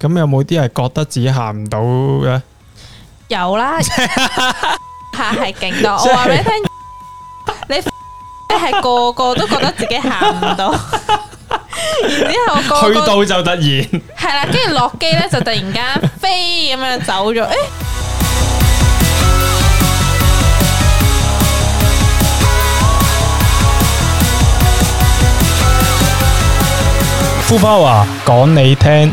咁有冇啲人覺得自己行唔到嘅？有啦，下係勁多。我話畀你聽，你你係個個都覺得自己行唔到，然之後個個去到就突然係啦。跟住落機咧就突然間飛咁樣走咗。誒，呼包話講你聽。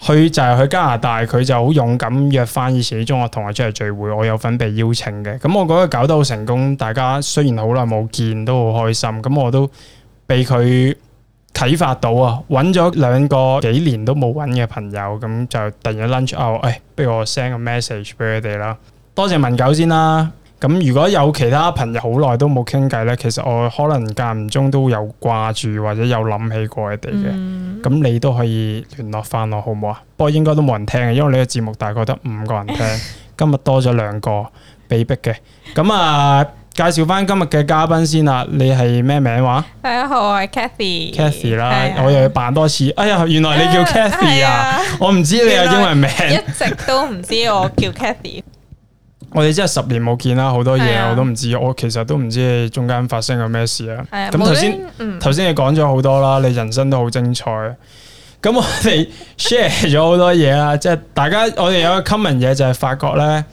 佢 就係去加拿大，佢就好勇敢約翻以前啲中學同學出嚟聚會，我有份被邀請嘅，咁我覺得搞得好成功。大家雖然好耐冇見，都好開心。咁我都被佢啟發到啊！搵咗兩個幾年都冇搵嘅朋友，咁就突然間 lunch。哦，哎，不如我 send 個 message 俾佢哋啦。多謝文九先啦。咁如果有其他朋友好耐都冇傾偈呢，其實我可能間唔中都有掛住或者有諗起過佢哋嘅。咁、嗯、你都可以聯絡翻我好唔好啊？不過應該都冇人聽嘅，因為你嘅節目大概得五個人聽， 今日多咗兩個，被逼嘅。咁啊，介紹翻今日嘅嘉賓先啦。你係咩名話？大家好，我係 Cathy，啊。Cathy 啦，我又要扮多次。哎呀，原來你叫 Cathy 啊？啊啊我唔知你嘅英文名。一直都唔知我叫 Cathy。 我哋真係十年冇見啦，好多嘢我都唔知，啊、我其實都唔知中間發生咗咩事啊。咁頭先頭先你講咗好多啦，你人生都好精彩。咁我哋 share 咗好多嘢啦， 即係大家我哋有個 common 嘢就係、是、發覺呢，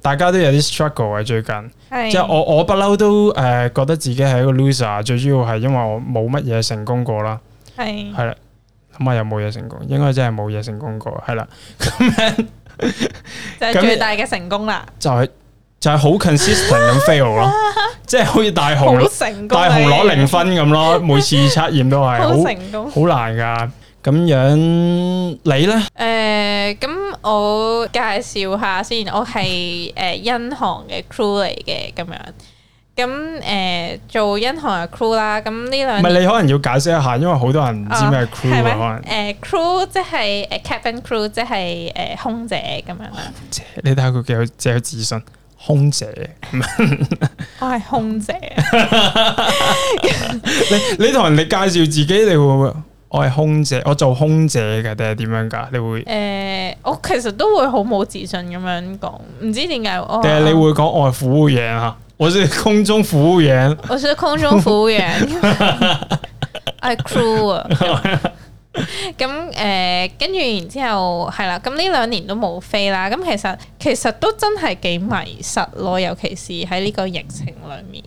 大家都有啲 struggle 嘅最近。即係、啊、我我不嬲都誒，覺得自己係一個 loser，最主要係因為我冇乜嘢成功過啦。係係啦，咁啊又冇嘢成功，應該真係冇嘢成功過。係啦，咁 就係最大嘅成功啦，就係，就係就係好 consistent 咁 fail 咯，即係好似大雄，大雄攞零分咁咯，每次測驗都係好成功，好難噶。咁樣你呢？誒、呃，咁我介紹下先，我係誒音行嘅 crew 嚟嘅，咁樣。咁誒、嗯，做銀行嘅 crew 啦，咁呢兩唔係你可能要解釋一下，因為好多人唔知咩 crew、哦、可能，誒、uh,，crew 即係誒、uh,，captain crew 即係誒，uh, 空姐咁樣啦。姐，你睇下佢幾有幾有自信？空姐， 我係空姐。你你同人哋介紹自己，你會唔會？我係空姐，我做空姐嘅定係點樣㗎？你會？誒、呃，我其實都會好冇自信咁樣講，唔知點解我。定、哦、係你會講我係苦嘢啊？我是空中服務員，我是空中服務員，I crew。咁誒、 哎，跟住然之後係啦，咁呢兩年都冇飛啦。咁其實其實都真係幾迷失咯，尤其是喺呢個疫情裏面。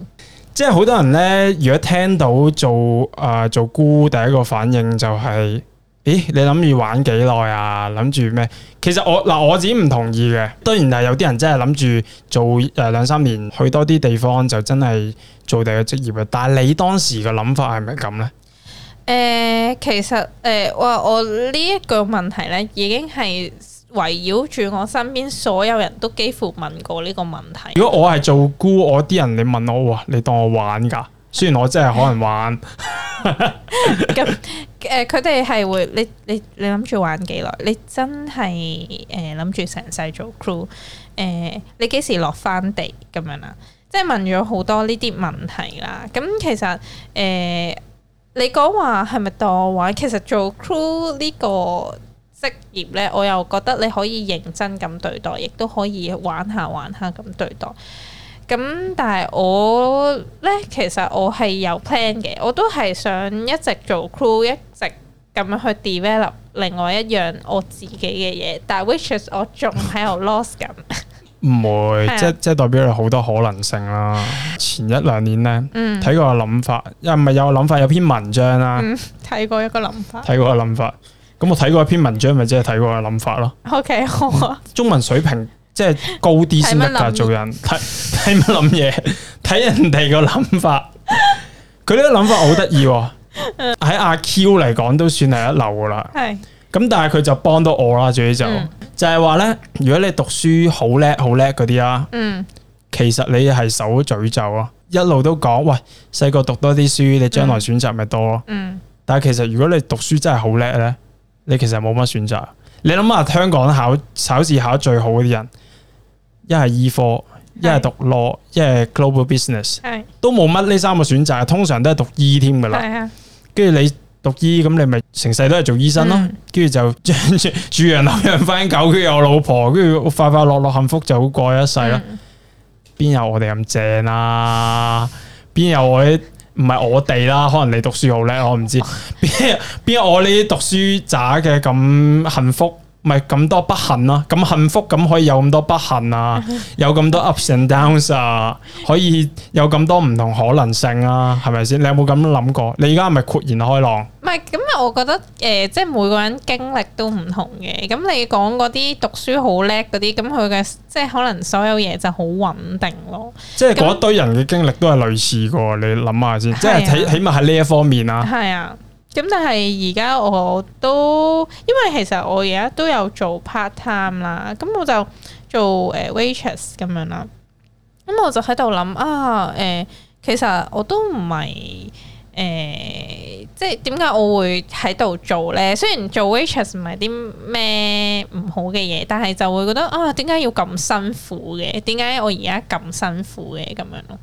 即係好多人呢，如果聽到做啊、呃、做姑，第一個反應就係、是。咦，你諗住玩幾耐啊？諗住咩？其實我嗱，我自己唔同意嘅。當然係有啲人真係諗住做誒兩三年去多啲地方，就真係做第二個職業嘅。但係你當時嘅諗法係咪咁呢？誒、呃，其實誒，哇、呃、我呢一個問題呢，已經係圍繞住我身邊所有人都幾乎問過呢個問題。如果我係做估，我啲人你問我，哇，你當我玩噶？雖然我真係可能玩咁，誒，佢哋係會，你你你諗住玩幾耐？你真係誒諗住成世做 crew？誒、呃，你幾時落翻地咁樣啦？即係問咗好多呢啲問題啦。咁其實誒、呃，你講話係咪當我玩？其實做 crew 呢個職業咧，我又覺得你可以認真咁對待，亦都可以玩下玩下咁對待。咁但係我咧，其實我係有 plan 嘅，我都係想一直做 crew，一直咁樣去 develop 另外一樣我自己嘅嘢。但係 which is 我仲喺度 lost 緊，唔會、嗯， 即係即係代表有好多可能性啦。嗯、前一兩年咧，睇過個諗法，又唔係有個諗法，有篇文章啦、啊，睇、嗯、過一個諗法，睇過個諗法。咁、嗯、我睇過一篇文章，咪即係睇過個諗法咯。OK，好。 中文水平。即係高啲先得噶，做人睇睇乜諗嘢，睇人哋個諗法，佢呢個諗法好得意喎。喺阿 Q 嚟講都算係一流噶啦。咁是，但係佢就幫到我啦。最就就係話呢：如果你讀書好叻好叻嗰啲啊，嗯、其實你係受詛咒啊。一路都講喂，細個讀多啲書，你將來選擇咪多咯。嗯、但係其實如果你讀書真係好叻呢，你其實冇乜選擇。你諗下香港考考試考得最好嗰啲人。一係醫科，一係、e、讀 law，一係 global business，是都冇乜呢三個選擇，通常都係讀醫添噶啦。跟住的你讀醫，咁你咪成世都係做醫生咯。跟、嗯、著 住就住洋樓養翻狗，跟住有老婆，跟住快快樂樂幸福就好過一世咯。邊、嗯、有我哋咁正啊？邊有我啲唔係我哋啦？可能你讀書好叻，我唔知。邊邊有我呢啲讀書渣嘅咁幸福？咪咁多不幸咯、啊，咁幸福咁可以有咁多不幸啊，有咁多 ups and downs 啊，可以有咁多唔同可能性啊，係咪先？你有冇咁樣諗過？你而家係咪豁然開朗？唔係咁，我覺得誒、呃，即係每個人經歷都唔同嘅。咁你講嗰啲讀書好叻嗰啲，咁佢嘅即係可能所有嘢就好穩定咯。即係嗰一堆人嘅經歷都係類似噶，你諗下先，嗯、即係起、嗯、起碼喺呢一方面啦。係啊。嗯嗯。咁但係而家我都，因為其實我而家都有做 part time 啦，嗯，咁我就做誒、uh, waitress 咁樣啦。咁、嗯、我就喺度諗啊，誒、呃，其實我都唔係誒，即係點解我會喺度做咧？雖然做 waitress 唔係啲咩唔好嘅嘢，但係就會覺得啊，點解要咁辛苦嘅？點解我而家咁辛苦嘅咁樣咯？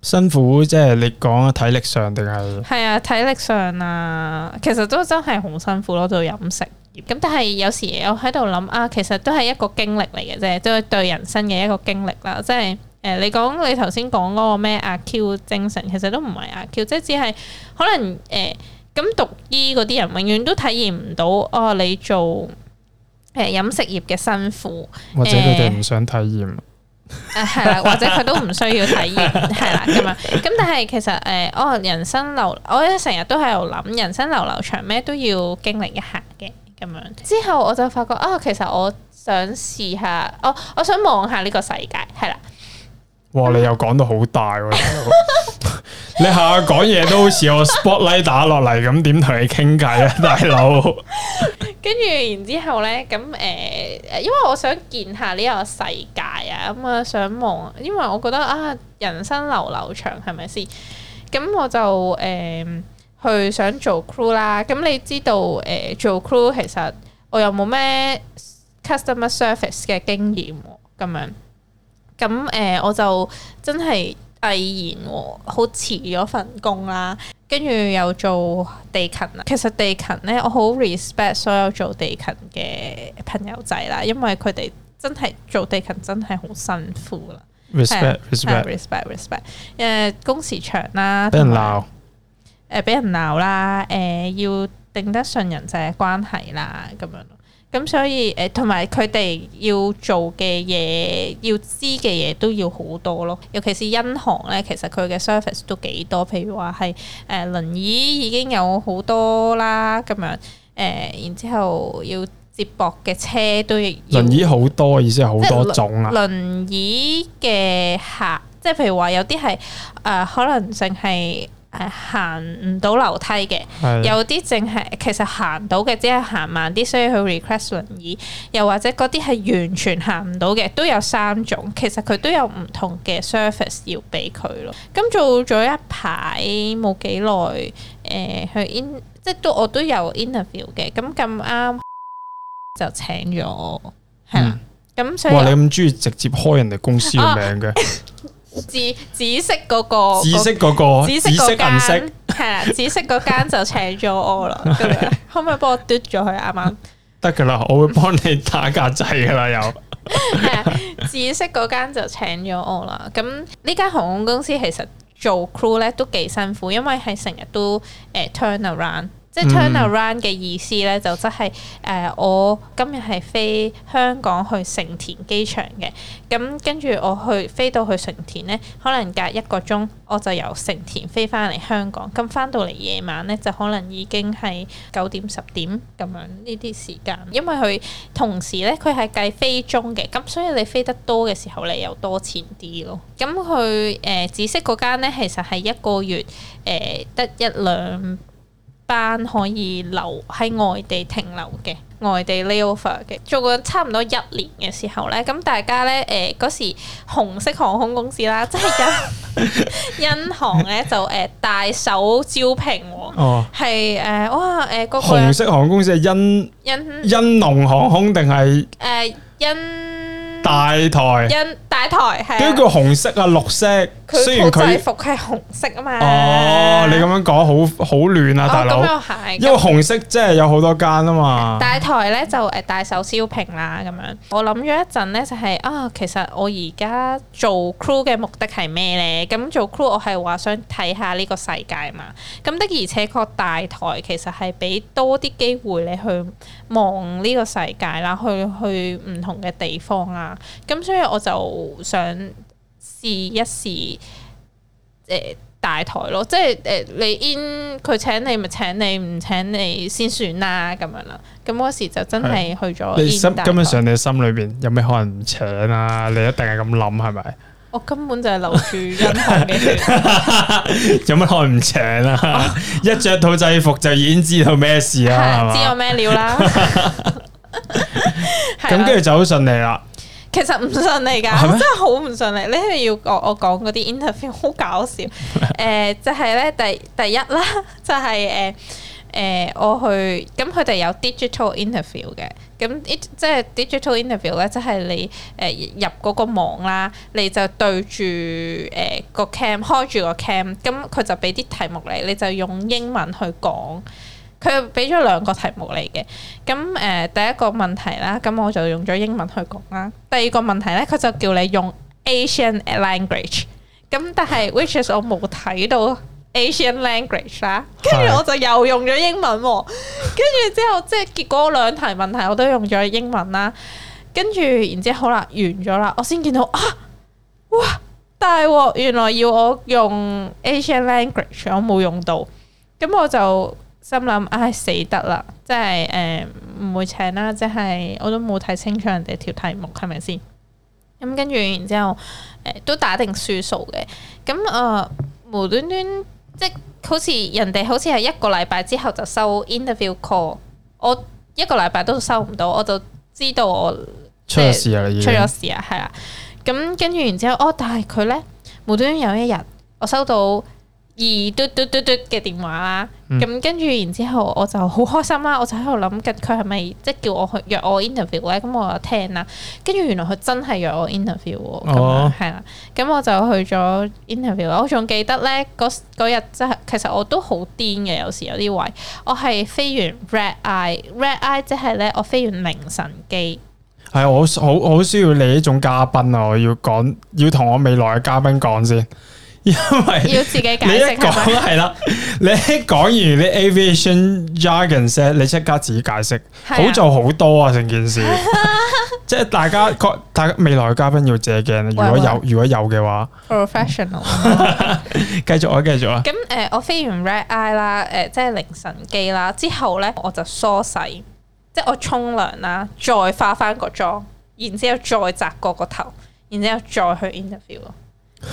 辛苦即係，你講體力上定係？係啊體力上啊，其實都真係好辛苦咯，做飲食業，咁但係有時我喺度諗啊，其實都係一個經歷嚟嘅啫，都係對人生嘅一個經歷啦。即係誒、呃，你講你頭先講嗰個咩阿 Q 精神，其實都唔係阿 Q，即係只係可能誒，咁、呃、讀醫嗰啲人永遠都體驗唔到哦，你做誒飲食業嘅辛苦，或者佢哋唔想體驗。呃誒、 啊，係啦，或者佢都唔需要體驗，係啦咁樣。咁但係其實誒，我、呃、人生流，我成日都喺度諗，人生流流長，咩都要經歷一下嘅咁樣。之後我就發覺啊、哦，其實我想試下，我、哦、我想望下呢個世界，係啦。哇！你又講到好大、啊。 你下講嘢都好似我 spotlight 打落嚟咁，點同 你傾偈啊，大佬？ 跟住然之後呢，咁誒、呃、因為我想見下呢個世界啊，咁啊想望，因為我覺得啊，人生流流長係咪先？咁我就誒、呃、去想做 crew 啦。咁你知道誒、呃、做 crew 其實我又冇咩 customer service 嘅經驗咁樣，咁誒、呃、我就真係。毅然喎、哦，好辭咗份工啦，跟住又做地勤啦。其實地勤咧，我好 respect 所有做地勤嘅朋友仔啦，因為佢哋真係做地勤真係好辛苦啦。respect respect respect respect，誒工時長啦，俾人鬧，誒俾人鬧啦，誒、呃、要定得上人際關係啦，咁樣。咁所以誒，同埋佢哋要做嘅嘢，要知嘅嘢都要好多咯。尤其是銀行咧，其實佢嘅 service 都幾多。譬如話係誒輪椅已經有好多啦，咁樣，誒，然之後要接駁嘅車都。輪椅好多，意思係好多種啊！輪，輪椅嘅客，即係譬如話有啲係誒，可能淨係。誒，行唔到樓梯嘅，的有啲淨係其實行到嘅，只係行慢啲，所以去 request 輪椅，又或者嗰啲係完全行唔到嘅，都有三種。其實佢都有唔同嘅 service 要俾佢咯。咁做咗一排冇幾耐，誒、呃，去 in 即係都我都有 interview 嘅。咁咁啱就請咗，係啦。咁、嗯、所以哇，你咁中意直接開人哋公司嘅名嘅？啊 紫紫色嗰、嗰個，紫色嗰個，紫色間係啦，紫色嗰間就請咗我啦，可唔可以幫我嘟咗佢啱啱得噶啦，我會幫你打格仔噶啦又，紫色嗰間就請咗我啦，咁呢間航空公司其實做 crew 咧都幾辛苦，因為係成日都誒 turn around。嗯、 即 turnaround 嘅意思咧，就即係誒，我今日係飛香港去成田機場嘅，咁跟住我去飛到去成田咧，可能隔一個鐘我就由成田飛翻嚟香港，咁翻到嚟夜晚咧就可能已經係九點十點咁樣呢啲時間，因為佢同時咧佢係計飛鐘嘅，咁所以你飛得多嘅時候你又多錢啲咯。咁佢誒紫色嗰間咧，其實係一個月誒得、呃、一兩。班可以留喺外地停留嘅，外地 layover 嘅，做咗差唔多一年嘅時候咧，咁大家咧，誒嗰時紅色航空公司啦，即係因因航咧就誒大手招聘喎，係誒哇誒嗰個紅色航空公司係因因農航空定係誒因。大台，因大台係都要叫紅色啊，綠色。雖然佢制服係紅色啊嘛。哦，你咁樣講好好亂啊，哦、大佬哥。咁又係。因為紅色即係有好多間啊嘛。大台咧就誒大手 shopping 啦，咁樣。我諗咗一陣咧、就是，就係啊，其實我而家做 crew 嘅目的係咩咧？咁做 crew 我係話想睇下呢個世界嘛。咁的而且確大台其實係俾多啲機會你去。望呢個世界啦，去去唔同嘅地方啊，咁所以我就想試一試誒、呃、大台咯，即係誒、呃、你 in 佢請你咪請你，唔請你，請你，請你先算啦、啊、咁樣啦，咁嗰時就真係去咗。你根本上你心裏邊有咩可能唔請啊？你一定係咁諗係咪？係我、哦、根本就係留住音寒嘅血，有乜害唔請啊？啊一着一套制服就已經知道咩事啊，吧啊？知我咩料啦？咁跟住就好順利啦。其實唔順利噶，啊、真係好唔順利。嗎你係要我我講嗰啲 interview 好搞笑。誒， 就係、是、咧，第第一啦，就係誒誒，我去咁佢哋有 digital interview 嘅。咁即係 digital interview 咧，即係你誒、呃、入嗰個網啦，你就對住誒、呃、個 cam 開住個 cam，咁佢就俾啲題目嚟，你就用英文去講。佢俾咗兩個題目嚟嘅，咁誒、呃、第一個問題啦，咁我就用咗英文去講啦。第二個問題咧，佢就叫你用 Asian language，咁但係、嗯、which is 我冇睇到。Asian language 啦，跟住我就又用咗英文，跟 住之後即係結果兩題問題我都用咗英文啦，跟住然之後好啦，完咗啦，我先見到啊，哇大鑊！原來要我用 Asian language，我冇用到，咁我就心諗，唉，死得啦，即係，誒唔會請啦，即係我都冇睇清楚人哋條題目係咪先？咁跟住然之後，誒，都打定輸數嘅，咁誒、呃、無端端。即好似人哋好似係一個禮拜之後就收 interview call，我一個禮拜都收唔到，我就知道我出咗事啊！出咗事啊！係啦，咁跟住然之後，哦，但係佢咧無端端有一日我收到。二嘟嘟嘟嘟嘅電話啦，咁跟住然之後，後我就好開心啦，我就喺度諗緊佢係咪即係叫我去約我 interview 咧？咁我就聽啦，跟住原來佢真係約我 interview 喎，哦，咁啦，嗯，咁我就去咗 interview。我仲記得咧，嗰日即係其實我都好癲嘅，有時有啲位我係飛完 red eye，red eye 即係咧，我飛完凌晨機。係，我好我好，好需要你呢種嘉賓啊！我要講要同我未來嘅嘉賓講先。 因為你一講係啦，你一講完啲 aviation jargon 先，你即 刻自己解釋，啊、好做好多啊！成件事，即係 大家，大家未來嘅嘉賓要借鏡。如果有如果有嘅話，professional，繼 續啊，繼續啊。咁誒、 呃，我飛完 Red Eye 啦，誒，即係凌晨機啦，之後咧我就梳洗，即係我沖涼啦，再化翻個妝，然之後再紮過個頭，然之後，後再去 interview 咯。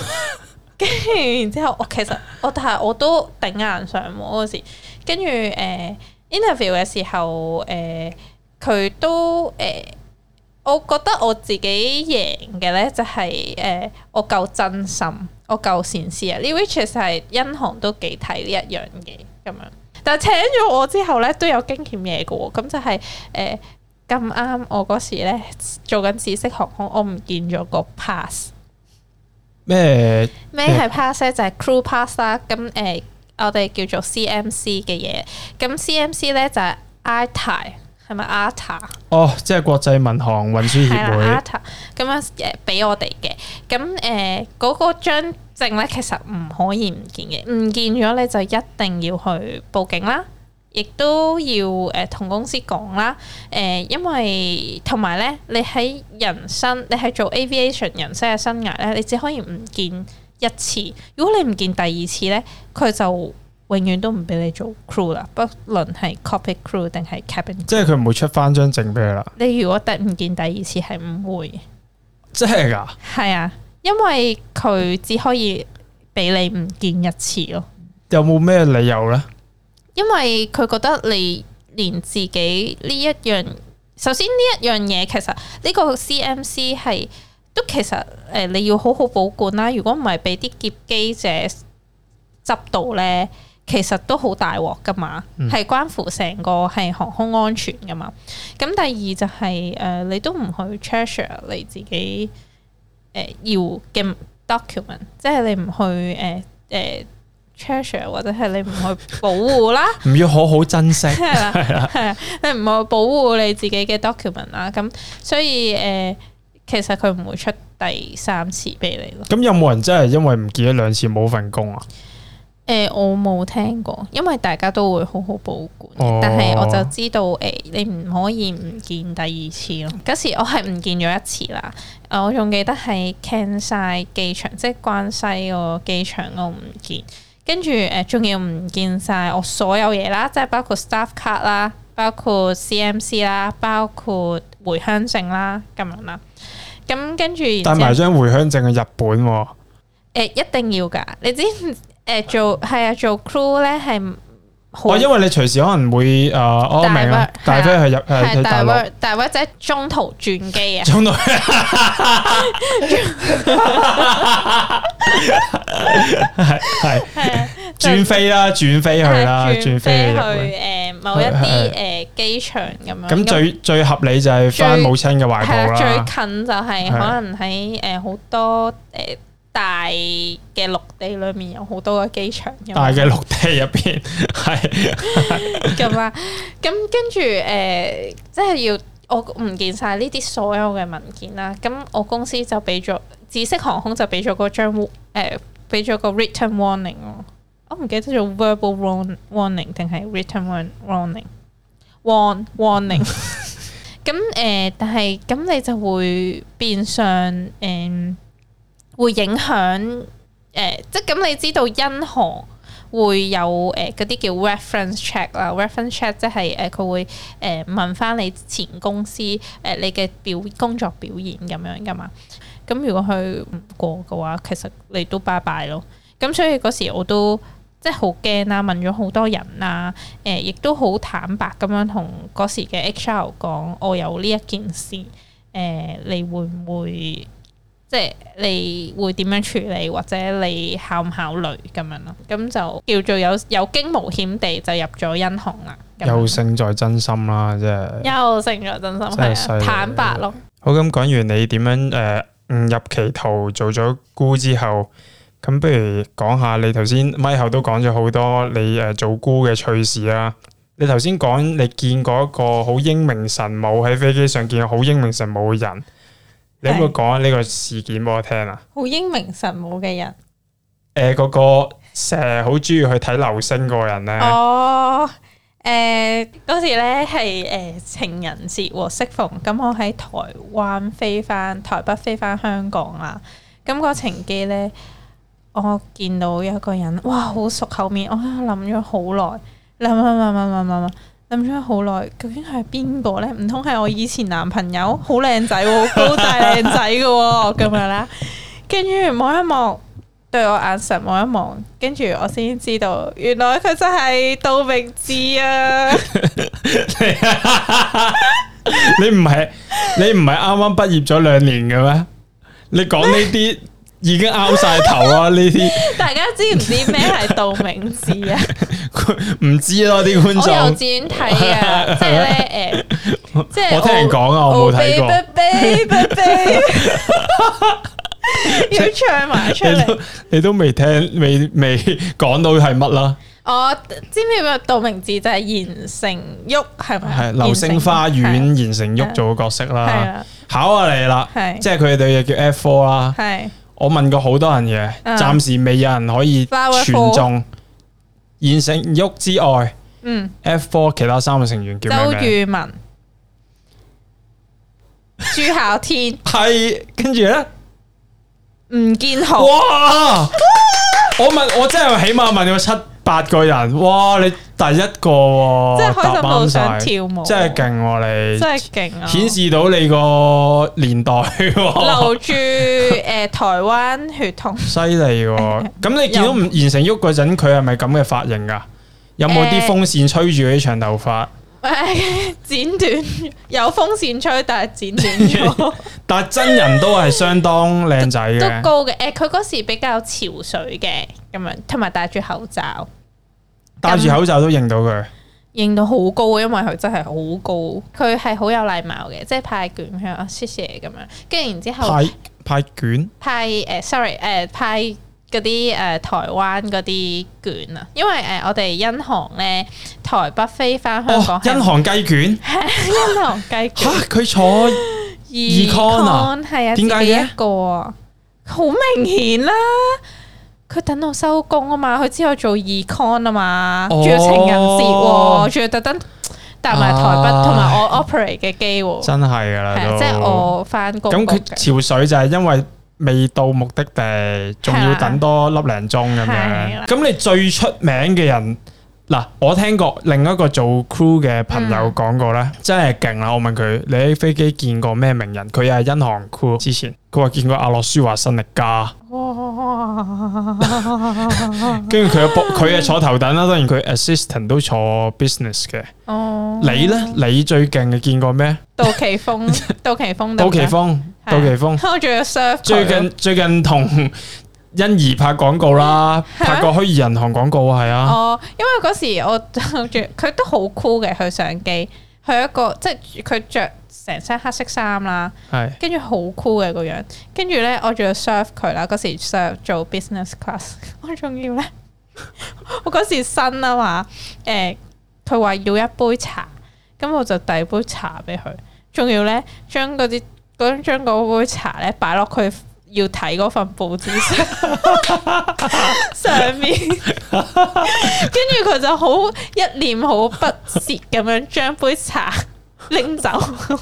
跟住 然之後，我其實我但係我都頂硬上，冇嗰時，跟住誒、呃、interview 嘅時候，誒、呃、佢都誒、呃，我覺得我自己贏嘅咧，就係誒我夠真心，我夠善思。啊！呢位其實係英行都幾睇呢一樣嘢。咁樣，但請咗我之後咧，都有驚險嘢嘅喎，咁就係誒咁啱我嗰時咧做緊知識航空，我唔見咗個 pass。咩？咩係 pass 咧？就係 crew pass 啦。咁誒，我哋叫做 C M C 嘅嘢。咁 C M C 咧就係 IATA，係咪 IATA？哦，即係國際民航運輸協會。IATA 咁樣誒，俾我哋嘅。咁誒，嗰個張證咧，其實唔可以唔見嘅。唔見咗，你就一定要去報警啦。亦都要誒同公司講啦，誒、呃，因為同埋咧，你喺人生，你喺做 aviation 人生嘅生涯咧，你只可以唔見一次。如果你唔見第二次咧，佢就永遠都唔俾你做 crew 啦，不論係 cockpit crew 定係 cabin。即係佢唔會出翻張證俾你啦。你如果第唔見第二次係唔會，即係㗎？係啊，因為佢只可以俾你唔見一次咯、嗯。有冇咩理由咧？因為佢覺得你連自己呢一樣，首先呢一樣嘢其實呢個 CMC 係都其實誒你要好好保管啦。如果唔係俾啲劫機者執到呢，其實都好大鑊噶嘛，係、嗯、關乎成個係航空安全噶嘛。咁第二就係、是、誒你都唔去 treasure 你自己要嘅、呃、document，即係你唔去誒誒。呃呃 treasure 或者係你唔去保護啦，唔 要好好珍惜，係啦 ，係你唔好保護你自己嘅 document 啦，咁所以誒、呃，其實佢唔會出第三次俾你咯。咁、嗯、有冇人真係因為唔見咗兩次冇份工啊？誒、呃，我冇聽過，因為大家都會好好保管，但係我就知道誒、呃，你唔可以唔見第二次咯。嗰、哦、時我係唔見咗一次啦，我仲記得係 Kansai 機場，即係關西個機場，我唔見。跟住誒，仲、呃、要唔見晒我、哦、所有嘢啦，即係包括 staff card 啦，包括 CMC 啦，包括回鄉證啦，咁樣啦。咁跟住帶埋張回鄉證去日本喎、哦呃。一定要㗎，你知唔誒、呃、做係啊做 crew 咧係。因為你隨時可能會誒，大飛係入誒，大飛大飛即係中途轉機啊！中途係係轉飛啦，轉飛去啦，轉飛去誒某一啲誒機場咁樣。咁最最合理就係翻母親嘅懷抱啦。最近就係可能喺誒好多誒。大嘅陸地裏面有好多個機場，大嘅陸地入邊係咁啦。咁 跟住誒、呃，即係要我唔見晒呢啲所有嘅文件啦。咁我公司就俾咗紫色航空就俾咗個張誒，俾、呃、咗個 written warning 我唔記得咗 verbal warning 定係 written warning，warn warning 咁誒、 呃，但係咁你就會變相誒。呃會影響誒、呃，即係咁，你知道因何會有誒嗰啲叫 reference check 啦，reference check 即、就、係、是、誒佢、呃、會誒、呃、問翻你前公司誒、呃、你嘅表工作表現咁樣噶嘛？咁如果佢唔過嘅話，其實你都拜拜咯。咁、呃、所以嗰時我都即係好驚啦，問咗好多人啦、啊，誒、呃、亦都好坦白咁樣同嗰時嘅 HR 講：「我有呢一件事，誒、呃、你會唔會？即係你會點樣處理，或者你考唔考慮咁樣咯？咁就叫做有有驚無險地就入咗銀行啦。又勝在真心啦，即係又勝在真心，係坦白咯。好，咁講完你點樣誒，呃、誤入歧途做咗姑之後，咁不如講下你頭先麥後都講咗好多你誒做姑嘅趣事啊！你頭先講你見過一個好英明神武喺飛機上見過好英明神武嘅人。你有冇講下呢個事件俾我聽啊？好英明神武嘅人，誒、呃，嗰、那個成日好中意去睇流星嗰個人咧。哦，誒、呃，嗰時咧係誒情人節和適逢，咁我喺台灣飛翻台北，飛翻香港啦。咁、那個情機咧，我見到有個人，哇，好熟口面，我諗咗好耐，諗諗諗諗諗諗。諗咗好耐，究竟係邊個呢？唔通係我以前男朋友？好靚仔、哦，高大靚仔嘅咁、哦、 樣啦。跟住望一望，對我眼神望一望，跟住我先知道，原來佢真係杜明智啊！ 你唔係你唔係啱啱畢業咗兩年嘅咩？你講呢啲？ 已經拗晒頭啊！呢啲大家知唔知咩係 道明寺啊？唔知咯，啲觀眾幼稚園睇啊，即係誒，即係我聽人講啊，ビう 我冇睇過 Marvel uses 話。要唱埋出嚟， 你都未聽，未未講到係乜啦？我知咩叫道明寺就係言承旭係咪？係流星花園言承旭做嘅角色啦，考下你啦，係即係佢哋又叫 F Four 啦，係。我問過好多人嘢，暫、嗯、時未有人可以傳中，嗯、現成郁之外、嗯、，F four 其他三個成員叫咩名？ 周渝民、朱孝天，係跟住咧，吳建豪。哇 我問我真係起碼問咗七。八個人，哇！你第一個即係開心到對想跳舞，真係勁喎你！真係勁啊！顯示到你個年代、啊、留住誒、呃、台灣血統，犀利喎！咁、嗯嗯、你見到唔完成喐嗰陣，佢係咪咁嘅髮型㗎、啊？有冇啲風扇吹住啲長頭髮、呃？剪短，有風扇吹，但係剪短咗。 但係真人都係相當靚仔嘅，都都高嘅。佢、呃、嗰時比較潮水嘅。咁樣，同埋戴住口罩，戴住口罩都認到佢，認到好高，因為佢真係好高。佢係好有禮貌嘅，即係派卷，佢啊，謝謝咁樣。跟住然之後派，派卷，派誒，sorry 誒，派嗰啲誒台灣嗰啲卷啊。因為誒，我哋因航咧，台北飛翻香港，因航雞卷，因航雞卷，佢 坐二 con 啊，係啊，點解嘅？一個好明顯啦。佢等我收工啊嘛，佢之後做二、e、con 啊嘛、哦，仲要情人節，仲要特登搭埋台北同埋我 operate 嘅機，真係噶啦，都即係我翻工咁，佢潮水就係因為未到目的地，仲要等多粒零鐘咁樣。咁的你最出名嘅人？嗱，我聽過另一個做 crew 嘅朋友講過咧，真係勁啊。我問佢，你喺飛機見過咩名人？佢又係英航 crew 之前，佢話見過阿諾舒華辛力加。哇！跟住佢佢係坐頭等啦，當然佢 assistant 都坐 business 嘅。哦，你咧？你最勁嘅見過咩？杜琪峰、杜琪峰、杜琪峰、杜琪峰。最近最近同。欣宜拍廣告啦，拍個虛擬銀行廣告係啊！啊哦，因為嗰時我著佢都好 cool 嘅，佢上機，佢一個即係佢着成身黑色衫啦，係跟住好 cool 嘅個樣，跟住咧我仲要 serve 佢啦，嗰時 serve 做 business class，呢 我仲要咧，我嗰時新啊嘛，誒佢話要一杯茶，咁我就遞杯茶俾佢，仲要咧將嗰啲將嗰杯茶咧擺落佢。要睇嗰份報紙上面 上面，跟住佢就好一臉好不屑咁樣將杯茶拎走。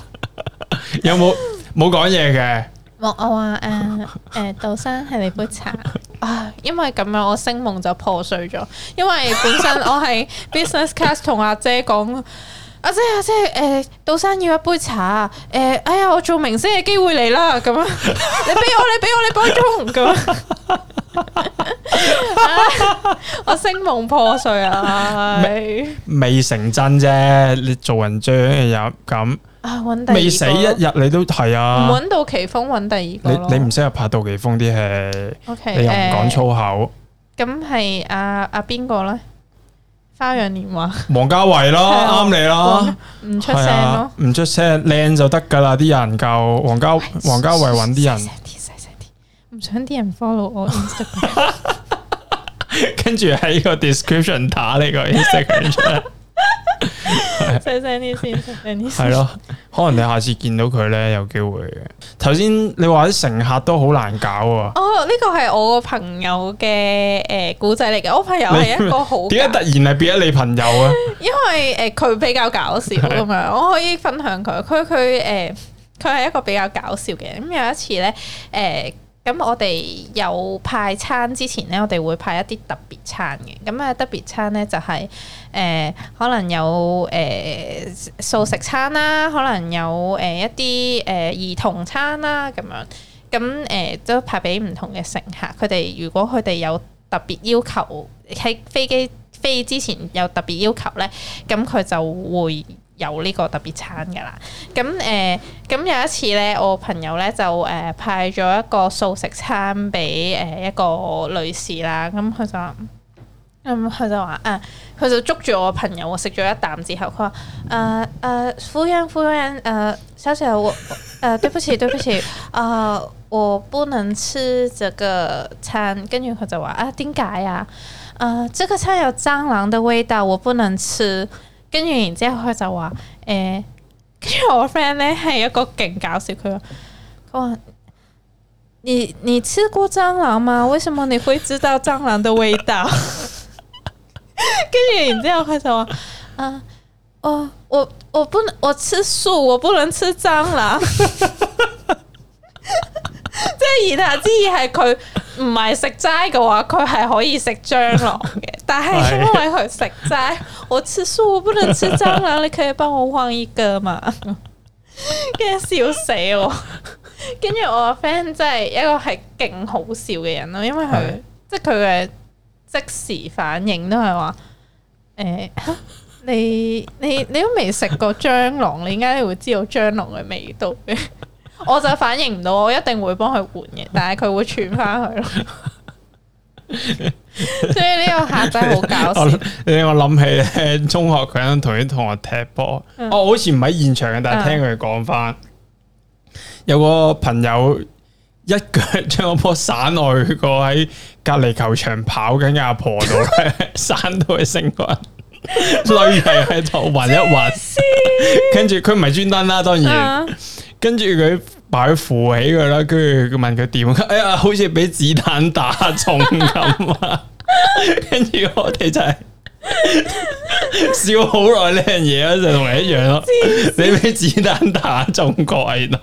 有冇冇講嘢嘅？我我話誒誒，杜生係你杯茶啊！ 因為咁樣我聲夢就破碎咗，因為本身我係 Business Class 同阿姐講。阿姐阿姐，誒、啊，杜生要一杯茶。誒，哎呀，我做明星嘅機會嚟啦，咁啊，你俾我，你俾我，你幫鐘，咁啊， 我星夢破碎啊，未未成真啫，你做人最緊要咁啊，穩未死一日你都係啊，唔穩杜琪峰穩第二個,第二個你你唔適合拍杜琪峰啲戲，你, OK, 你又唔講粗口，咁係、呃、啊，阿邊個咧？啊花樣年華，王家衛咯，啱你咯，唔出聲咯，唔出聲靚就得噶啦，啲人夠王家王家衛揾啲人，唔想啲人 follow 我 Instagram，跟住喺個 description 打你個 Instagram。細聲啲先，細聲啲。係咯，可能你下次見到佢咧，有機會嘅。頭先你話啲乘客都好難搞啊。哦，呢個係我個朋友嘅誒古仔嚟嘅。我朋友係一個好點解突然係變咗你朋友啊？因為誒佢、呃、比較搞笑咁樣，的我可以分享佢。佢佢誒，佢係、呃、一個比較搞笑嘅。咁有一次咧，誒、呃。咁我哋有派餐之前咧，我哋會派一啲特別餐嘅。咁啊，特別餐咧就係、是、誒、呃，可能有誒、呃、素食餐啦，可能有誒一啲誒、呃、兒童餐啦，咁樣咁誒、呃、都派俾唔同嘅乘客。佢哋如果佢哋有特別要求，喺飛機飛之前有特別要求咧，咁佢就會。有呢個特別餐噶啦，咁、嗯、誒，咁、呃嗯、有一次咧，我朋友咧就誒派咗一個素食餐俾誒一個女士啦，咁佢就，咁佢就話誒，佢就捉住我朋友，食咗一啖之後，佢話誒誒，夫人夫人誒小姐我誒、呃，對不起對不起，啊、呃，我不能吃這個餐，跟住佢就話啊，點解呀？啊、呃，這個餐有蟑螂的味道，我不能吃。跟住然之後佢就話，誒、欸，跟住我 friend 咧係一個勁搞笑，佢話，佢話，你你吃過蟑螂嗎？為什麼你會知道蟑螂的味道？跟住然之後佢就話，啊，哦，我我，我不能，我吃素，我不能吃蟑螂。即 係言下之意係，佢唔係食齋嘅話，佢係可以食蟑螂嘅，但係因為佢食齋。 我吃素，我不能吃蟑螂，你可以幫我換一個嘛？跟住笑死我。跟 住我 friend 真係一個係勁好笑嘅人咯，因為佢的即係佢嘅即時反應都係話：誒、欸，你你你都未食過蟑螂，你點解會知道蟑螂嘅味道嘅？ 我就反應唔到我，我一定會幫佢換嘅，但係佢會串翻去咯。 所以呢個客真係好搞笑。你令我諗起咧，中學佢喺同啲同學踢波，我、嗯哦、好似唔喺現場嘅，但係聽佢講翻，嗯、有個朋友一腳將個波散落去個喺隔籬球場跑緊阿婆度，散到去星雲，例如係喺度暈一暈，嗯、跟住佢唔係專登啦，當然，嗯、跟住佢。擺扶起佢啦，跟住佢問佢點，哎呀，好似俾子彈打中咁啊！跟住我哋就係笑好耐呢樣嘢啊，就同你一樣咯， 你俾子彈打中過原來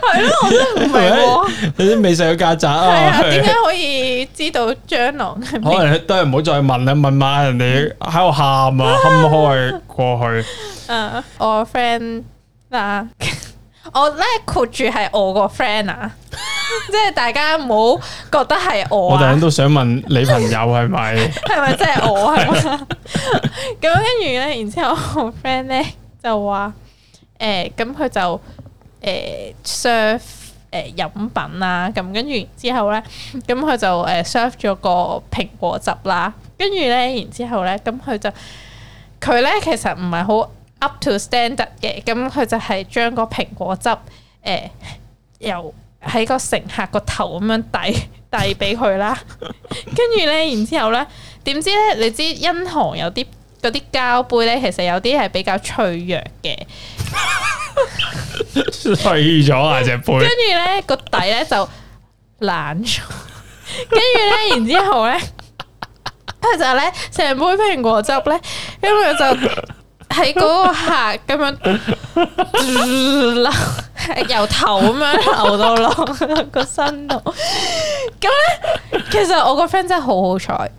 係咯，我都唔明啊！你啲未上過曱甴啊，點解可以知道蟑螂？可能都係唔好再問啦，問埋人哋喺度喊啊，冚開、啊、 過去。嗯、 uh, 朋，我 friend。 呢啊！我咧括住係我個 friend 啊，即係大家唔好覺得係我。我大家都想問你朋友係咪？係咪即係我啊？咁跟住咧，然之後我個 friend 咧就話：誒、呃，咁佢就誒 serve 誒飲品啦。咁跟住之後咧，咁佢就誒 serve 咗個蘋果汁啦。跟住咧，然之後咧，咁佢就佢咧其實唔係好。Up to standard 嘅，咁佢就係將個蘋果汁誒、呃，由喺個乘客個頭咁樣遞遞俾佢啦，跟住咧，然之後咧，點知咧？你知銀行有啲嗰啲膠杯咧，其實有啲係比較脆弱嘅，碎咗啊隻杯！跟住咧個底咧就爛咗，跟住咧，然之後咧，佢 就咧成杯蘋果汁咧，咁樣就。喺嗰個客咁樣、呃、流，由頭咁樣流到落個身度。咁咧， 其實我個 friend 真係好好彩。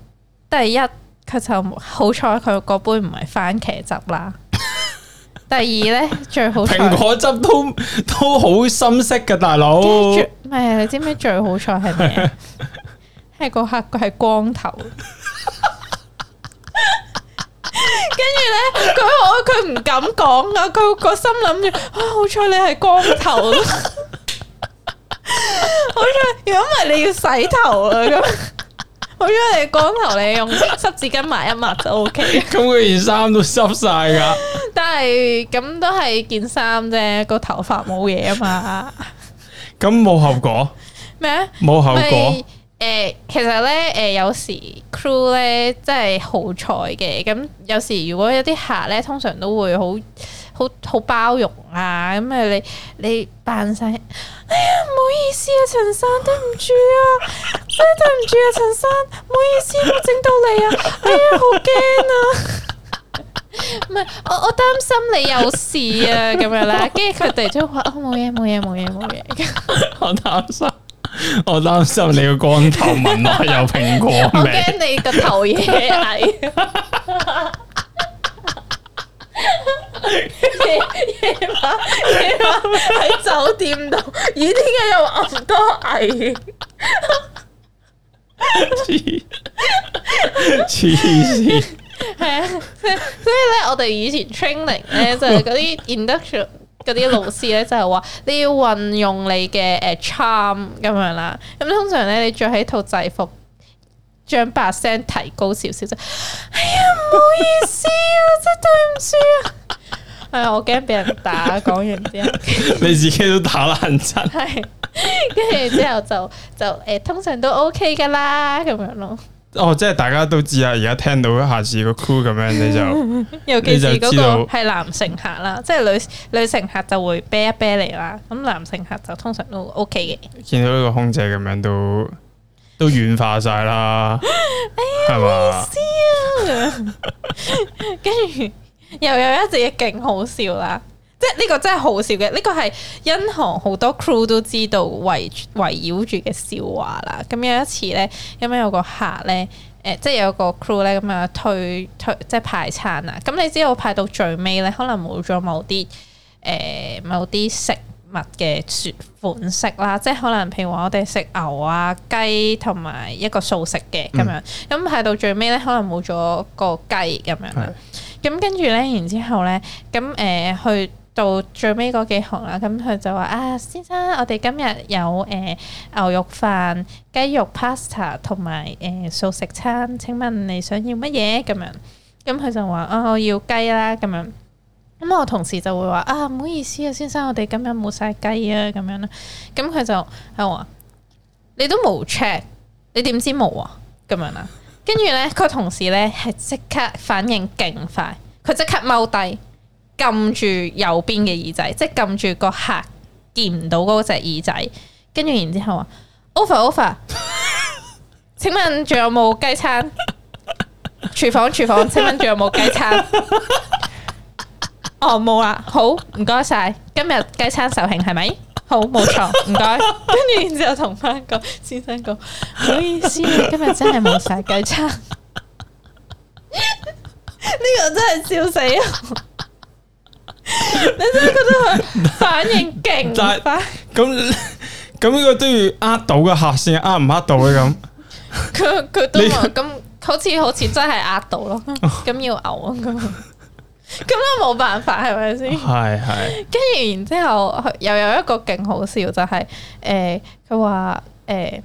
第一，佢就好彩佢嗰杯唔係番茄汁啦。第二咧，最好彩蘋果汁都都好深色嘅大佬。唔係、哎、你知唔知最好彩係咩？係 個客佢係光頭。跟住咧，佢話佢唔敢講啊！佢個心諗住啊，好彩，哦，你係光頭，好彩，如果唔係你要洗頭啦咁。好彩你光頭，你用濕紙巾抹一抹就 OK。咁佢件衫都濕晒噶，但係咁都係件衫啫，個頭髮冇嘢啊嘛。咁冇後果咩？冇後果。誒，其實咧，誒有時 crew 咧，真係好彩嘅。咁有時如果有啲客咧，通常都會好好好包容啊。咁啊，你你扮晒，哎呀，唔好意思啊，陳生，對唔住啊，真係對唔住啊，陳生，唔好意思，我整到你啊，哎呀，好驚啊！唔係，我我擔心你有事啊，咁樣啦。跟住佢哋都話，哦，冇嘢，冇嘢，冇嘢，冇嘢。好擔心。我擔心你個光頭門外有蘋果。 我驚你個頭嘢係。 夜晚夜晚喺酒店度，咦、哎，點解又咁多蟻。黐黐黐線係啊！所以咧，我哋以前 training 咧就嗰啲 i n d u c t i o 嗰啲老師咧就係話你要運用你嘅誒 charm 咁樣啦，咁通常咧你着起套制服，將把聲提高少少啫。哎呀，唔好意思啊，真對唔住啊。係、哎、啊，我驚俾人打，講完之後。你自己都打爛柒，係。跟住之後就就誒，通常都 OK 噶啦，咁樣咯。哦，即係大家都知啊！而家聽到一下子個 cool 咁樣，你就尤其是嗰個係男乘客啦， 即係女女乘客就會啤一啤你啦。咁男乘客就通常都 OK 嘅。見到呢個空姐咁樣都都軟化晒啦，係嘛？跟住又有一隻嘢勁好笑啦～即呢、這個真係好笑嘅，呢、這個係因航好多 crew 都知道圍圍繞住嘅笑話啦。咁有一次呢，因為有個客呢，誒、呃，即係有個 crew 呢，咁啊，推推即係派餐啊。咁你知道我派到最尾呢，可能冇咗某啲誒、呃、某啲食物嘅款式啦。即係可能譬如話我哋食牛啊、雞同埋一個素食嘅咁樣。咁、嗯、派到最尾呢，可能冇咗個雞咁樣。咁跟住呢，然之後呢，咁、呃、誒去。到最尾嗰幾行啦，咁佢就話：啊，先生，我哋今日有誒、呃、牛肉飯、雞肉 pasta 同埋誒、呃、素食餐，請問你想要乜嘢？咁樣，咁佢就話：啊、哦，我要雞啦。咁樣，咁我同事就會話：啊，唔好意思啊，先生，我哋今日冇晒雞啊，咁樣啦。咁佢就係話：你都冇 check，你點知冇啊？咁樣啦，跟住咧，個同事咧係即刻反應勁快，佢即刻踎低。撳住右邊嘅耳仔，即係撳住個客見唔到嗰隻耳仔，跟住然之後啊 over over 請問仲有冇雞餐？ 廚房廚房，請問仲有冇雞餐？ 哦，冇啦、啊，好唔該晒，今日雞餐售罄係咪？好，冇錯，唔該。 跟住然之後同翻個先生講，唔 好意思，今日真係冇晒雞餐。呢 個真係笑死我！ 你真係覺得佢反應勁大，咁咁呢個都要呃到嘅客先呃唔呃到嘅。咁佢佢都話咁 好似好似真係呃到咯，咁 要嘔啊咁，咁都冇辦法係咪先？係係，跟住是是 然之後又有一個勁好笑就係、是、誒，佢話誒。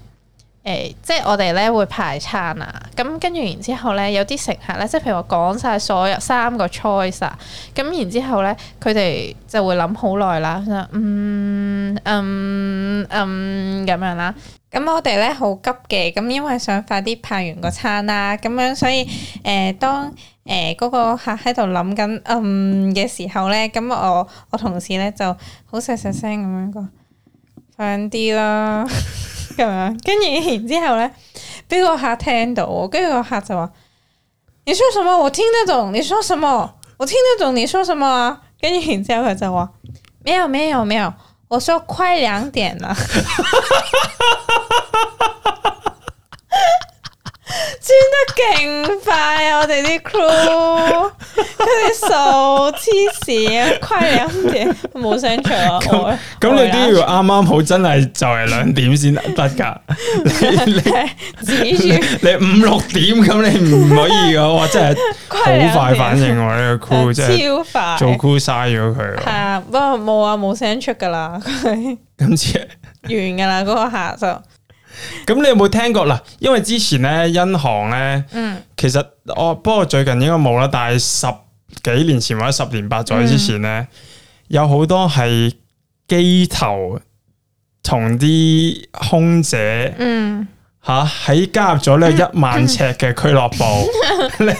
即係我哋咧會派餐啊，咁跟住然之後咧有啲食客咧，即係譬如我講晒所有三個 choice 啊，咁然之後咧佢哋就會諗好耐啦，嗯嗯嗯咁樣啦。咁我哋咧好急嘅，咁因為想快啲派完個餐啦，咁樣所以誒、呃、當誒嗰、呃嗰個客喺度諗緊嗯嘅時候咧，咁我我同事咧就好細細聲咁樣講，快啲啦。 咁樣，跟住然之後咧，俾個客聽到，跟住個客就話：你說什麼？我聽得懂。你說什麼啊？我聽得懂。你說什麼？跟住然之後佢就話：沒有，沒有，沒有。我說快兩點啦，轉得勁快，啊，我哋啲 crew。佢哋傻黐線，虧 你咁點冇聲出。咁咁你都要啱啱好，真係就係兩點先得噶。你你你五六點咁，你唔可以噶。哇，真係好快反應我呢 乖個 cool 真係超快，做 cool 嘥咗佢。係啊，不過冇啊，冇聲出噶啦。咁即係完噶啦，嗰個下。就。咁你有冇聽過嗱？因為之前咧，因航咧，嗯，其實我、哦、不過最近應該冇啦。但係十幾年前或者十年八載之前咧，嗯、有好多係機頭同啲空姐，嗯。吓，喺加入咗呢個一萬尺嘅俱樂部，嗯嗯、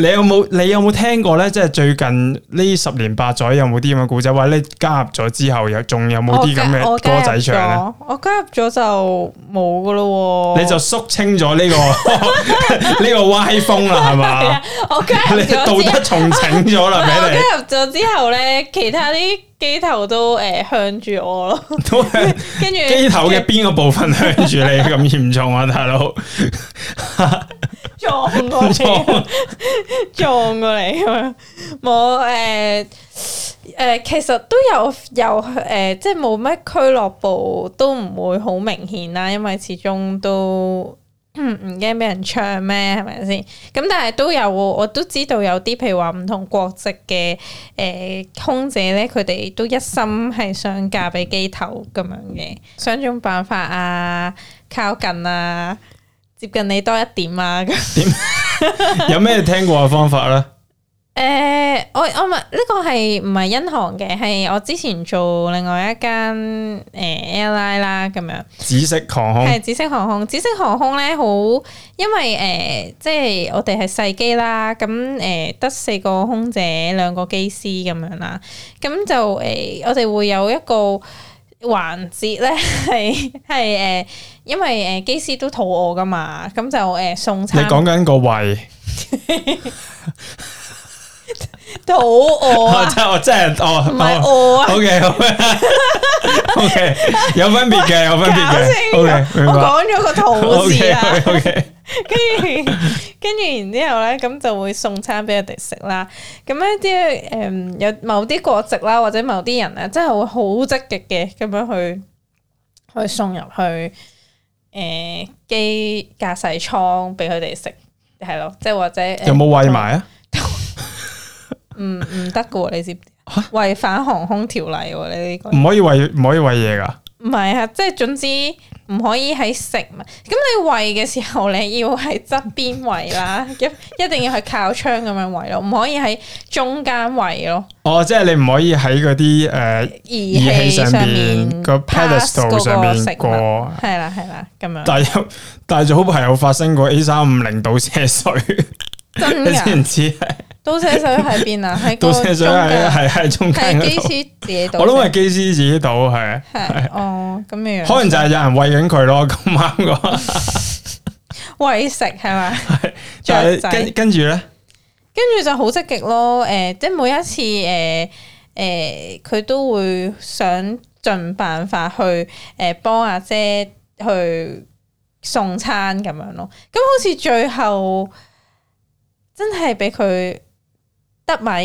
你你，你有冇你有冇聽過咧？即係最近呢十年八載有冇啲咁嘅古仔？話你加入咗之後，有仲有冇啲咁嘅歌仔唱咧？我加入咗就冇噶咯，你就縮清咗呢個呢個歪風啦，係嘛？我加入咗之後，道德重整咗啦，俾你加入咗之後咧，其他啲。機頭都誒向住我咯，跟住機頭嘅邊個部分向住你咁嚴重啊，大佬 撞過嚟， 撞過嚟啊！冇誒誒，其實都有有誒、呃，即係冇乜俱樂部都唔會好明顯啦，因為始終都。唔驚俾人唱咩？係咪先？咁但係都有我都知道有啲，譬如話唔同國籍嘅誒、呃、空姐咧，佢哋都一心係想嫁俾機頭咁樣嘅，想種辦法啊，靠近啊，接近你多一點啊。咁點樣 有咩聽過嘅方法咧？ 誒、呃，我我咪呢個係唔係銀行嘅，係我之前做另外一間誒 Airline 啦咁樣。紫色航空係紫色航空，紫色航空咧好，因為誒、呃、即係我哋係細機啦，咁誒得四個空姐，兩個機師咁樣啦，咁就誒、呃、我哋會有一個環節咧，係係誒因為誒機師都肚餓噶嘛，咁就誒、呃、送餐。你講緊個胃？ 肚餓啊！哦真哦、我真係我唔係餓啊。O K O K，有分別嘅，有分別嘅。 o、okay, K，我講咗個肚字啦。O K，跟住跟住，然之後咧，咁就會送餐俾佢哋食啦。咁咧啲誒，有某啲國籍啦，或者某啲人咧，真係會好積極嘅咁樣去去送入去誒、呃、機駕駛艙俾佢哋食，係咯，即係或者有冇餵埋啊？唔唔得噶，你知唔知？違反航空條例，你呢個唔可以餵唔可以餵嘢噶。唔係啊，即係總之唔可以喺食物。咁你餵嘅時候，你要喺側邊餵啦，一一定要係靠窗咁樣餵咯，唔可以喺中間餵咯。哦，即係你唔可以喺嗰啲誒儀器上面，個 pedestal 上面食過。係啦係啦，咁樣。但係但係，就好係有發生過 A 三五零倒瀉水，你知唔知？倒瀉水喺邊啊？喺個中間，係喺中間。係機師自己倒。我都話機師自己倒係。係哦，咁樣。可能就係有人喂緊佢咯，咁啱個。喂食係咪？係。但係跟跟住咧，跟住就好積極咯。誒，即係每一次誒誒，佢都會想盡辦法去誒幫阿姐去送餐咁樣咯。咁好似最後真係俾佢。得咪？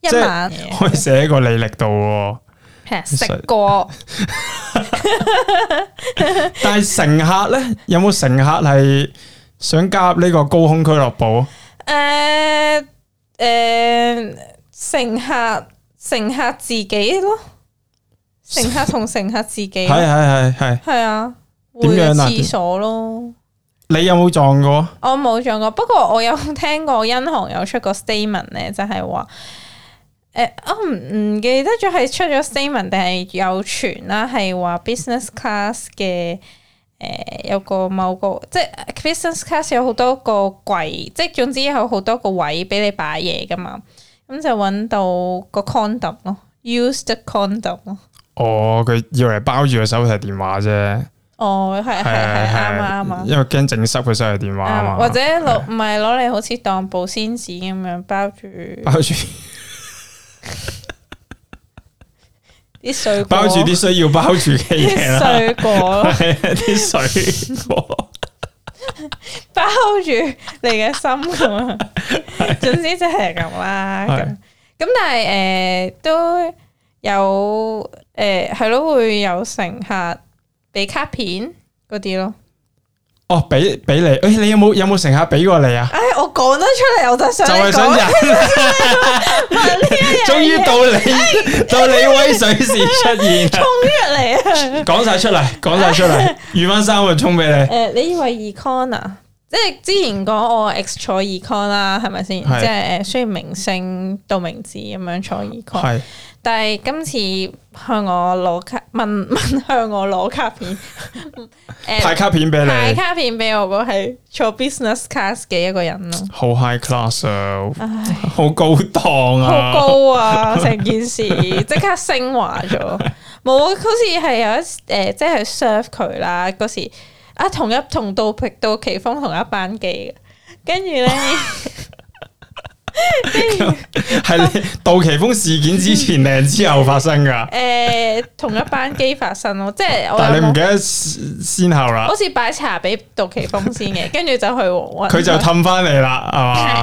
一晚可以寫個履歷度，食吃過。 但係乘客咧，有冇乘客係想加入呢個高空俱樂部？誒誒、呃呃，乘客乘客自己咯，乘客同乘客自己，係係係係，係 啊，會去廁、啊啊、所咯。你有冇撞過？我冇撞過，不過我有聽過英航有出過 statement 咧，就係話，誒，我唔唔記得咗係出咗 statement 定係有傳啦，係話 business class 嘅，誒、呃，有個某個即係 business class 有好多個櫃，即係總之有好多個位俾你擺嘢噶嘛，咁就揾到個 condom 咯，used condom 咯。哦，佢要嚟包住個手提電話啫。哦，係係係啱啊啱，因為驚整濕佢所嘅電話啊嘛，或者攞唔係攞嚟，好似當保鮮紙咁樣包住，包住啲水果，包住啲需要包住嘅嘢啦，水果係啲水果包住你嘅心啊，總之就係咁啦，咁咁但係誒都有誒係咯會有乘客。俾卡片嗰啲咯，哦俾俾你，誒、欸、你有冇有冇乘客俾過你啊？哎我講得出嚟，我就想就係想忍啦，終於 到你唉到你威唉水時出現，衝出嚟啊！講晒出嚟，講晒出嚟，余三文山我衝俾你，誒你以為 Econ 啊？即係之前講我 x 坐二 con 啦，係咪先？是即係誒，雖然明星到名字咁樣坐二 con，但係今次向我攞卡問問向我攞卡片， 呃、派卡片俾你，派卡片俾我個係坐 business class 嘅一個人咯，好 high class 啊，唉好高檔啊，好高啊！成件事即刻 升華咗，冇好似係有一誒、呃，即係去 serve 佢啦嗰時。啊，同一同杜杜琪峰同一班機，跟住咧，跟住係杜琪峰事件之前定之後發生噶？誒、 呃，同一班機發生咯， 即係。但係你唔記得先後啦？好似擺茶俾杜琪峰先嘅，跟住就去。佢就氹翻你啦，係嘛 吧？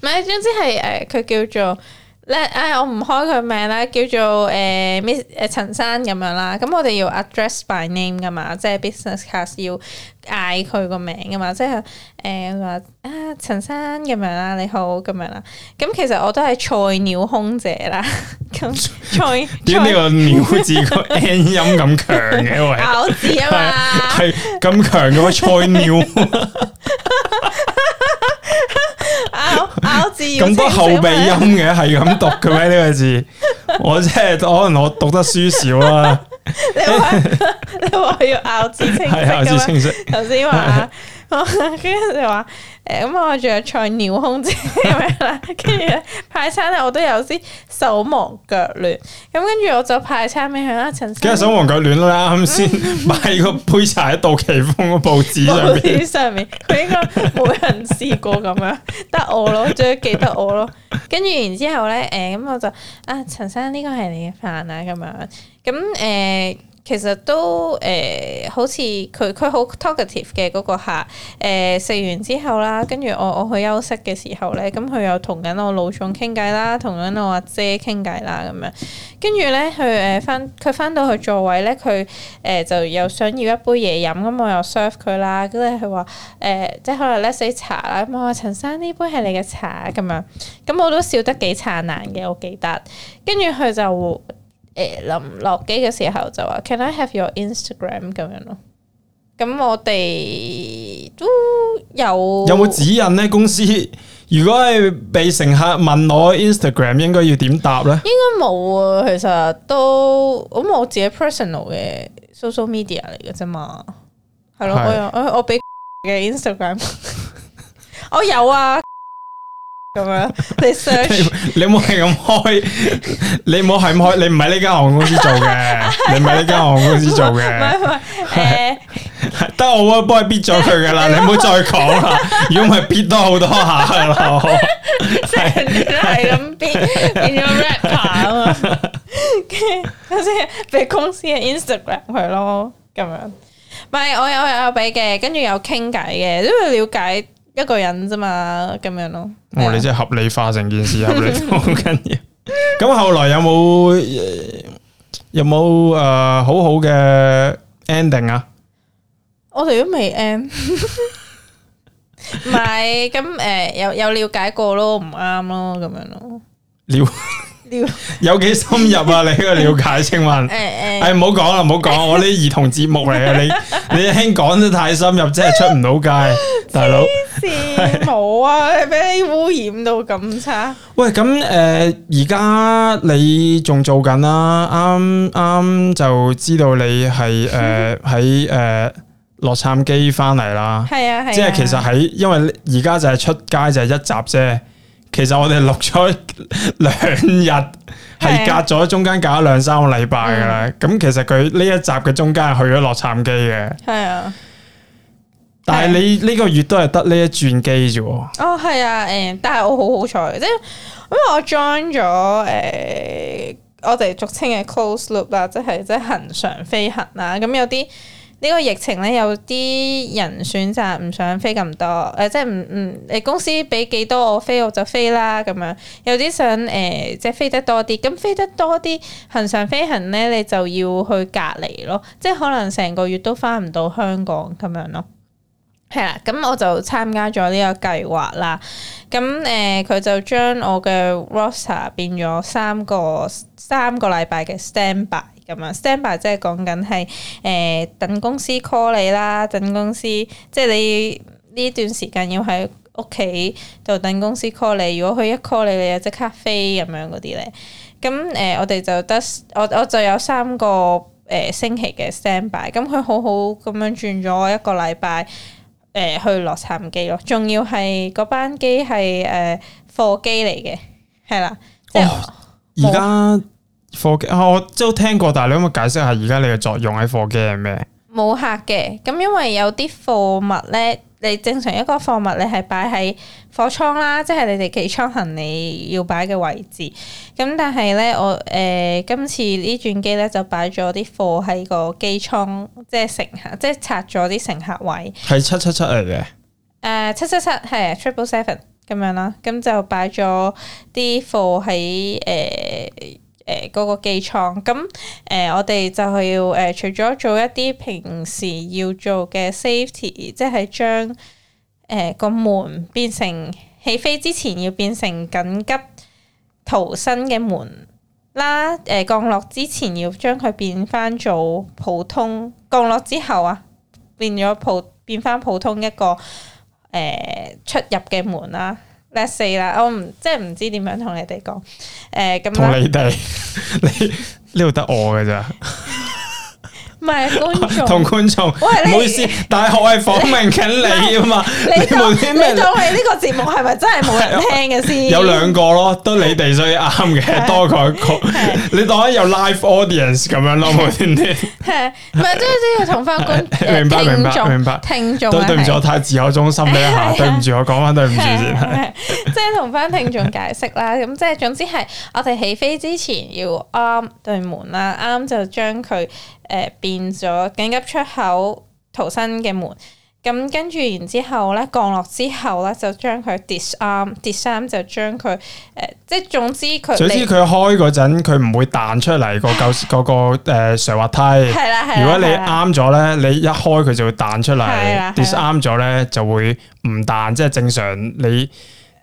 唔係， 總之係誒，佢叫做。咧，唉，我唔開佢名啦，叫做誒，Miss 誒陳生咁樣啦。咁我哋要 address by name 噶嘛，即係 business class 要嗌佢個名噶嘛，即係誒話啊，陳生咁樣啦，你好咁樣啦。咁其實我都係菜鳥空姐啦。咁菜，點解呢個鳥字個 N 音咁強嘅咬字？係，係咁強嘅菜鳥。 咁多後鼻音嘅，係咁讀嘅咩？呢個字，我即係可能我讀得書少啦。 你你話要咬字清，清晰，係咬字清晰。頭先話。跟住就話誒，咁我仲有菜鳥空姐咁樣啦？跟住咧派餐咧，我都有啲手忙腳亂。咁跟住我就派餐俾佢啦，陳生。梗係手忙腳亂啦，啱啱先擺個杯茶喺杜琪峰個報紙上， 上面。報紙上面，佢應該冇人試過咁樣， 得我咯，最記得我咯。跟住然之後咧，誒、欸，咁我就啊，陳生呢個係你嘅飯啊，咁樣。咁、嗯、誒。欸其實都誒、呃，好似佢佢好 talkative 嘅嗰個客誒食、呃、完之後啦，跟住我我去休息嘅時候咧，咁佢又同緊我老總傾偈啦，同緊我阿姐傾偈啦咁樣，跟住咧佢誒翻佢翻到佢座位咧，佢誒、呃、就又想要一杯嘢飲，咁我又 serve 佢啦，跟住佢話誒即係可能咧死茶啦，咁我話陳生，呢杯係你嘅茶咁樣，咁我都笑得幾燦爛嘅，我記得，跟住佢就。誒，臨落機嘅時候就話，Can I have your Instagram 咁樣咯？咁我哋都有有冇指引呢？公司如果係被乘客問我 Instagram 應該要點答呢？應該冇啊，其實都咁我自己 personal 嘅 social media 嚟嘅啫嘛，係咯是，我我俾嘅 Instagram，我有啊。咁樣，你 search 你唔係咁開，你唔好係咁開，你唔係呢間航空公司做嘅，你唔係呢間航空公司做嘅，唔係唔係，得我幫你辟咗佢噶啦，你唔好再講啦，如果唔係辟多好多下噶啦，係係咁辟，變咗 rapper 啊嘛，咁先俾公司嘅 Instagram 佢咯，咁樣，唔係我有我有有俾嘅，跟住有傾偈嘅，因為了解。一個人啫嘛，咁樣咯。我你即係合理化成件事，合理好緊要。咁後來有冇有冇誒好好嘅 ending 啊？我哋都未 end，唔係咁誒，有有了解過咯，唔啱咯，咁樣咯。了。有幾深入啊？你呢個了解，請問？誒誒，係唔好講啦，唔好講，我呢啲兒童節目嚟嘅，你你聽講得太深入，真係出唔到街，大佬，冇啊，俾污染到咁差。喂，咁誒，而家你仲做緊啦？啱啱就知道你係誒喺誒洛杉磯翻嚟啦。係啊係，即係其實喺，因為而家就係出街就係一集啫。其實我哋錄咗兩日，係隔咗中間隔咗兩三個禮拜噶啦。咁、嗯、其實佢呢一集嘅中間係去咗洛杉磯嘅。係啊，但係你呢個月都係得呢一轉機啫，嗯。哦，係啊，誒、嗯，但係我好好彩，即係因為我 join 咗誒，我哋俗稱嘅 close loop 啦，即係即係恆常飛行啊。咁有啲。呢個疫情咧，有啲人選擇唔想飛咁多，誒、呃，即係唔唔，你、嗯、公司俾幾多我飛我就飛啦咁樣。有啲想誒、呃，即係飛得多啲，咁飛得多啲，恆常飛行咧，你就要去隔離咯，即係可能成個月都翻唔到香港咁樣咯。係啦，咁我就參加咗呢個計劃啦。咁誒，佢、呃、就將我嘅 roster 變咗三個三個禮拜嘅 standby。咁啊，stand by 即係講緊係誒等公司 call you, 公司你啦，等公司即係你呢段時間要喺屋企度等公司 call 你。如果佢一 call you, 你就，你又即刻飛咁樣嗰啲咧。咁、呃、誒，我哋就得我我就有三個誒、呃、星期嘅 stand by。咁佢好好咁樣轉咗一個禮拜誒去洛杉磯咯，仲要係嗰班機係誒貨機嚟嘅，係、呃、啦。哇！而家。貨機、哦、我都聽過，但係你可唔可以解釋下而家你嘅作用喺貨機係咩？冇客嘅，咁因為有啲貨物咧，你正常一個貨物，就是，你係擺喺貨倉啦，即係你哋機艙行李要擺嘅位置。咁但係咧，我、呃、誒今次呢轉機咧就擺咗啲貨喺個機艙，即、就、係、是、乘客，即、就、係、是、拆咗啲乘客位。係七七七嚟嘅，誒七七七係 Triple Seven 咁樣啦。咁就擺咗啲貨喺誒。呃誒嗰、呃那個機艙，咁、呃、誒我哋就係要誒、呃、除咗做一啲平時要做嘅 safety，即係將誒、呃、個門變成起飛之前要變成緊急逃生嘅門啦，誒、呃、降落之前要將佢變翻做普通降落之後啊，變咗普變翻普通一個誒、呃、出入嘅門啦、啊。叻四啦！我唔，即係唔知點樣同你哋講，誒 咁。同你哋，你呢度得我㗎咋？唔係觀眾，同觀眾，唔好意思，大學係訪問緊你啊嘛。你當你當，你呢個節目係咪真係冇人聽嘅先？有兩個咯，都你哋所以啱嘅，多過一個。你當有 live audience 咁樣咯，冇先啲。唔係？即係都要同翻觀眾，明白明白明白。聽眾，都對唔住，我太自我中心啦吓，對唔住，我講翻對唔住先。即係同翻聽眾解釋啦，咁即係總之係我哋起飛之前要啱對門啦，啱就將佢。誒、呃、變咗緊急出口逃生嘅門，咁、嗯、跟住然之後咧降落之後咧，就將佢跌啱，跌啱就將佢誒、呃、即係總之佢總之佢開嗰陣佢唔會彈出嚟個舊嗰、 嗰個誒、呃、滑梯係啦，係如果你啱咗咧，你一開佢就會彈出嚟，跌啱咗咧就會唔彈，即係正常你。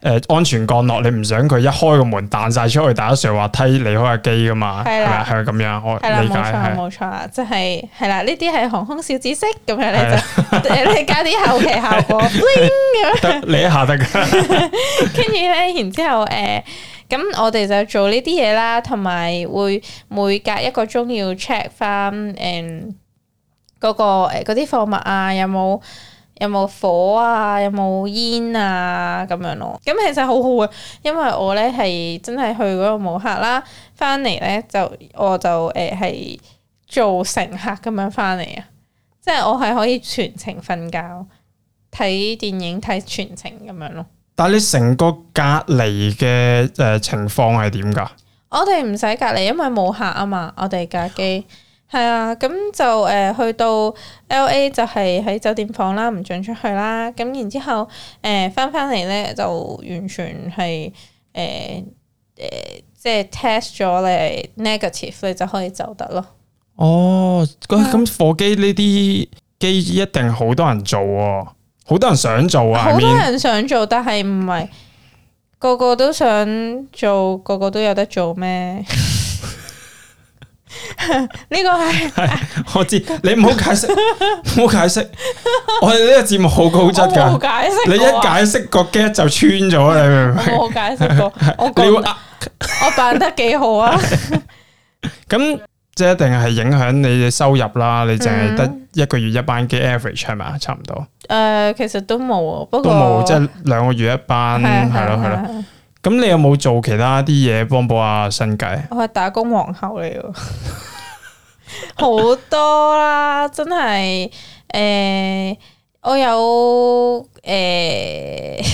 誒、呃，安全降落，你唔想佢一開個門彈晒出去，打上滑梯離開架機噶嘛？係咪係咁樣？我理解冇錯冇錯啊！即係係啦，呢啲係航空小知識咁樣咧就誒，加啲後期效果 b 嚟一下得噶。跟住咧，然之後誒，咁、呃、我哋就做呢啲嘢啦，同埋會每隔一個鐘要 check 翻誒，嗰個誒嗰啲貨物啊有冇？啊有冇火啊？有冇煙啊？咁樣咯。咁其實好好啊，因為我咧係真係去嗰度冇客啦，翻嚟咧就我就誒係、呃、做乘客咁樣翻嚟啊，即係我係可以全程瞓覺睇電影睇全程咁樣咯。但係你成個隔離嘅誒情況係點㗎？我哋唔使隔離，因為冇客啊嘛，我哋架機。 係啊，咁就誒、呃、去到 L A 就係喺酒店房啦，唔准出去啦。咁然之後誒翻翻嚟咧就完全係誒誒即係 test 咗你 negative 你就可以走得咯。哦，咁咁貨機呢啲機一定好多人做，哦，好多人想做啊，好多人想做，I mean 但係唔係個個都想做，個個都有得做咩？ 呢 個係係、啊、我知，你唔好解釋，唔好解釋。我哋呢個節目好高質噶，解釋啊、你一解釋個 gag 就穿咗你。明唔明？我冇解釋過，我說、啊、我扮得幾好啊。咁即係一定係影響你嘅收入啦。你淨係得一、呃就是、個月一班機 average 係咪，差唔多。誒，其實都冇，不過都冇即係兩個月一班係咯，係咯。咁、嗯、你有冇做其他啲嘢幫補阿新計？我係打工皇后嚟嘅，好多啦，真係誒、呃，我有誒、呃，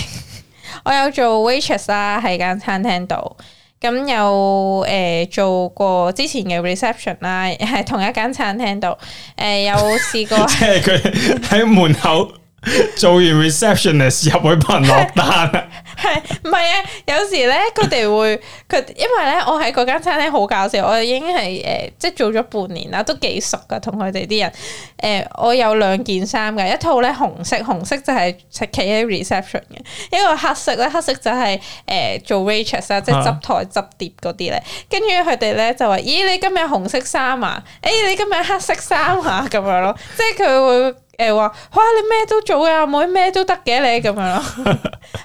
我有做 waitress 啦，喺間餐廳度，咁有誒、呃、做過之前嘅 reception 啦，係同一間餐廳度，誒、呃、有試過， 即係佢喺門口 做完 receptionist 入去幫人落單係唔係啊？有時咧，佢哋會佢，因為咧，我喺嗰間餐廳好搞笑。我已經係誒、呃，即係做咗半年啦，都幾熟噶、啊，同佢哋啲人。誒、呃，我有兩件衫嘅，一套咧紅色，紅色就係食企喺 reception 嘅，一個黑色咧，黑色就係、是、誒、呃、做 waitress 啊，即係執台執碟嗰啲咧。跟住佢哋咧就話：咦，你今日紅色衫啊？誒、哎，你今日黑色衫啊？咁樣咯，即係佢會誒話、呃：哇，你咩都做都啊，妹咩都得嘅你咁樣咯，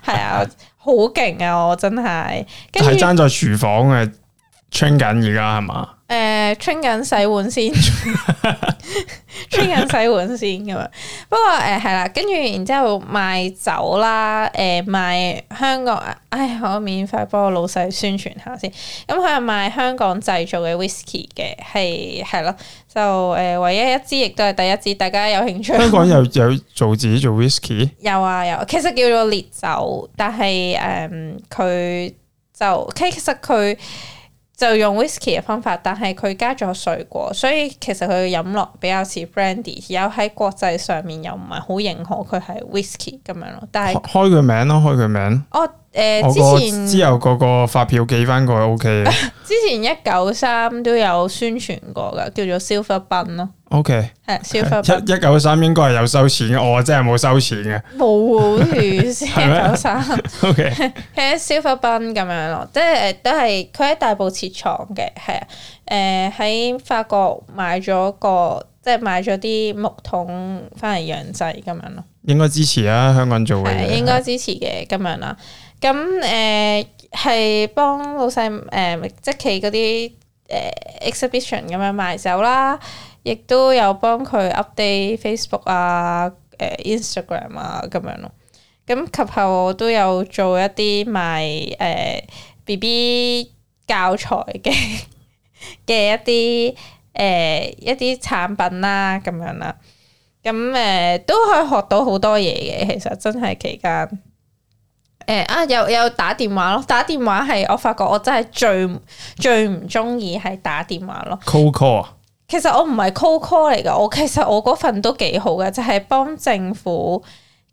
係啊。 他 好勁啊！我真係，係爭在廚房嘅 train 緊而家係嘛。在在誒 train 緊洗碗先 train 緊洗碗先咁樣。 不過誒，係、呃、啦，跟住然之後賣酒啦，誒、呃、賣香港唉，我免費幫我老細宣傳下先。咁佢係賣香港製造嘅 whisky 嘅，係係咯，就誒唯一一支，亦都係第一支。大家有興趣？香港又有,有做自己做 whisky？有啊有，其實叫做烈酒，但係誒佢就其實佢。就用 whisky 嘅方法，但係佢加咗水果，所以其實佢飲落比較似 brandy。有喺國際上面又唔係好認可佢係 whisky 咁樣咯。但係開佢名咯，開佢名。Oh, 誒、呃，之前之後嗰個發票寄翻過去 O K 之前一九三都有宣傳過嘅，叫做 silver bun 咯。O K，係 silver 一一九三應該係有收錢嘅，我真係冇收錢嘅。冇，一九三。O K，、okay. 係 silver bun 咁樣咯，即係都係佢喺大埔設廠嘅，係啊。誒、呃，喺法國買咗個，即係買咗啲木桶翻嚟釀製咁樣咯。應該支持啊，香港做嘅。應該支持嘅，咁樣啦。咁誒，係幫、呃、老細，誒、呃，即係其嗰啲誒、呃、，exhibition 咁樣賣酒啦，亦都有幫佢 update Facebook 啊、誒、呃、，Instagram 啊咁樣咯。咁及後都有做一啲賣誒、呃、BB 教材嘅嘅 一啲誒、呃、一啲產品啦咁樣啦。咁誒、呃，都可以學到好多嘢嘅，其實真係期間。誒啊！有有打電話咯，打電話係我發覺我真係最最唔中意係打電話咯。Cold call call 啊！其實我唔係 call call 嚟噶，我其實我嗰份都幾好噶，就係、是、幫政府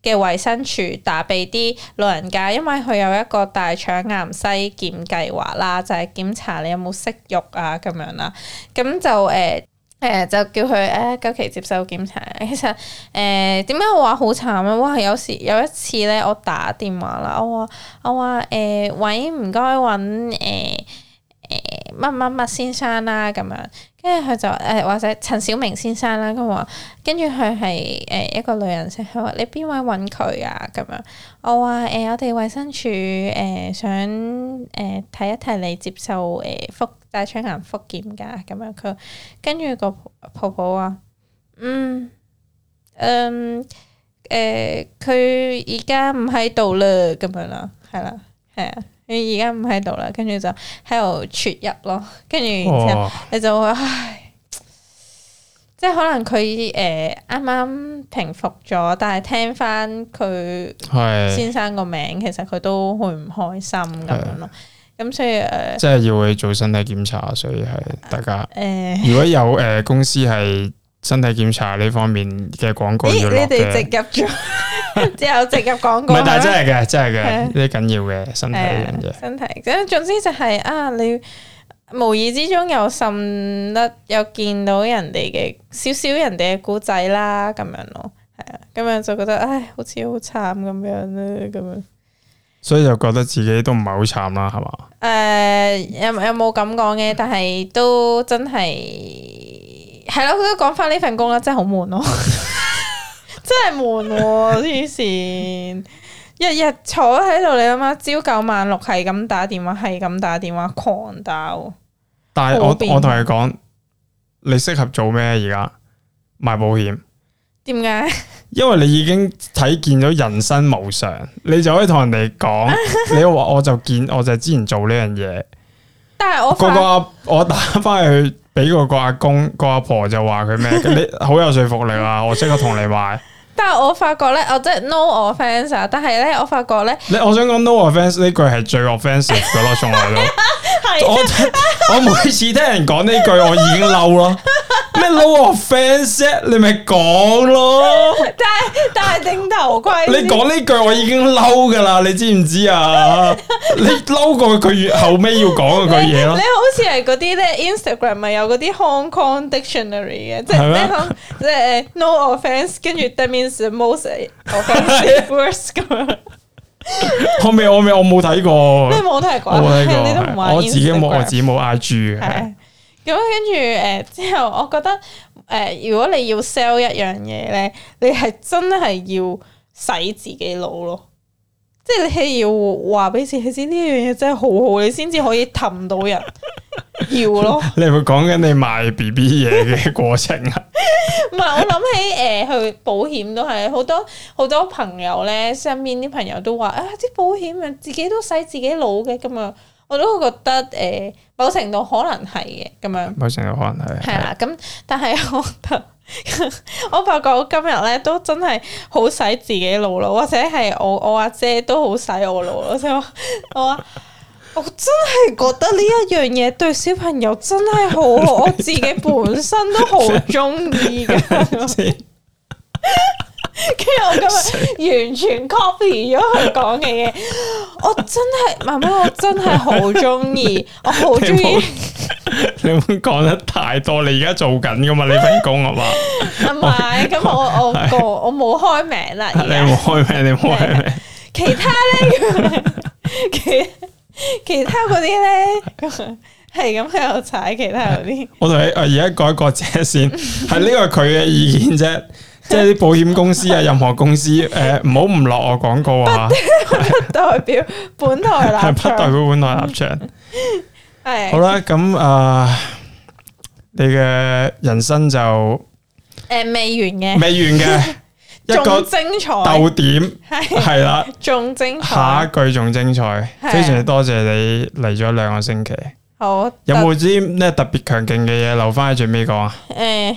嘅衞生署打俾啲老人家，因為佢有一個大腸癌篩檢計劃啦，就係、是、檢查你有冇息肉啊咁樣啦，咁就誒。呃誒、呃，就叫佢誒近期接受檢查，其實誒，點、呃、解我話好慘咧？哇！有時有一次咧，我打電話啦，我話：“我話誒、呃，喂，唔該揾誒。呃”乜乜乜先生啦，啊，咁樣。跟住佢就誒、呃、或者陳小明先生啦咁話。跟住佢係誒一個女人聲，佢話你邊位揾佢啊？咁樣，我話誒、呃、我哋衞生署誒、呃、想誒睇、呃、一睇你接受誒腹大腸癌復檢噶咁樣。佢跟住個婆婆啊，嗯嗯佢而家唔喺度啦咁樣啦，係啦係啊。你而家唔喺度啦，跟住就喺度出入咯，跟住然之後你就會唉，哦、即係可能佢誒啱啱平復咗，但係聽翻佢先生個名，是其實佢都好唔開心咁樣咯，咁的所以誒，呃、即係要去做身體檢查，所以係大家誒，呃、如果有誒、呃、公司係身體檢查呢方面嘅廣告，你你哋直入咗。 之後直入廣告，但真係嘅，嗎真係嘅，呢啲緊要嘅身體嘅嘢。身體總之就係、是、啊，你無意之中又滲得又見到人哋嘅少少人哋嘅古仔啦，咁樣咯，係啊，咁樣就覺得唉，好似好慘咁樣咧，咁樣，樣所以就覺得自己都唔係好慘啦，係嘛？誒、呃，有有冇咁講嘅？但係都真係係咯，佢都講翻呢份工啦，真係好悶咯。 真係悶，啊，黐線！日日坐喺度你阿媽朝九晚六，係咁打電話，係咁打電話狂打。但係我變我同你講，你適合做咩而家賣保險？點解？因為你已經睇見咗人生無常，你就可以同人哋講，你話我就見，我就係之前做呢樣嘢。但係我個個我打翻去俾個個阿公、嗰個阿婆就話佢咩？ 你好有說服力啊！我適合同你買。但係我發覺咧，我即係 no offence，但係咧我發覺咧，你我想講 no offence，呢句係最 offensive 噶咯，從來咯。係我我每次聽人講呢句，我已經嬲咯。咩 no offence？你咪講咯。但係但係戴定頭盔。你講呢句我已經嬲噶啦，你知唔知啊？你嬲過佢越後尾要講嗰句嘢咯。你好似係嗰啲咧，Instagram 咪有嗰啲 Hong Kong dictionary 嘅，即係咩？即係 no offence，跟住對面。most 咁樣。我未，我未，我冇睇過。你冇睇過，你都唔玩。我自己冇，我自己冇 I G。咁跟住，誒，對後之後我覺得，誒，如果你要 sell 一樣嘢咧，你係真係要使自己腦咯。即係你要話俾自己知呢樣嘢真係好好，你先至可以氹到人要咯。你係咪講緊你賣 B B 嘢嘅過程啊？唔係，我諗起誒、呃，去保險都係好多好多朋友咧，身邊啲朋友都話啊，啲保險啊，自己都使自己老嘅咁啊，我都覺得誒、呃，某程度可能係嘅咁樣。某程度可能係。係啦，咁但係我覺得。 我發覺我今日咧都真係好使自己腦咯，或者係我我阿姐，姐都好使我腦咯。 我我我真係覺得呢一樣嘢對小朋友真係好， 我自己本身都好中意㗎。 跟住我今日完全 copy 咗佢講嘅嘢，我真係，媽媽我真係好中意，我好中意。你講得太多，你而家做緊噶嘛？呢份工係嘛？唔係，咁我我我我冇開名啦。你冇開名，你冇開名。其他咧，其其他嗰啲咧，係咁喺度踩其他嗰啲。我同你，我而家改個車線，係呢個佢嘅意見啫。即係啲保險公司啊，任何公司誒，唔好唔落我廣告啊！代表本台立係不代表本台立場。係 的好啦，咁啊、呃，你嘅人生就誒未完嘅，未完嘅，一個精彩斗點係啦，仲 精彩，下一句仲精彩，的非常之多謝你嚟咗兩個星期。好，有冇啲咩特別強勁嘅嘢留翻喺最尾講啊？誒、嗯。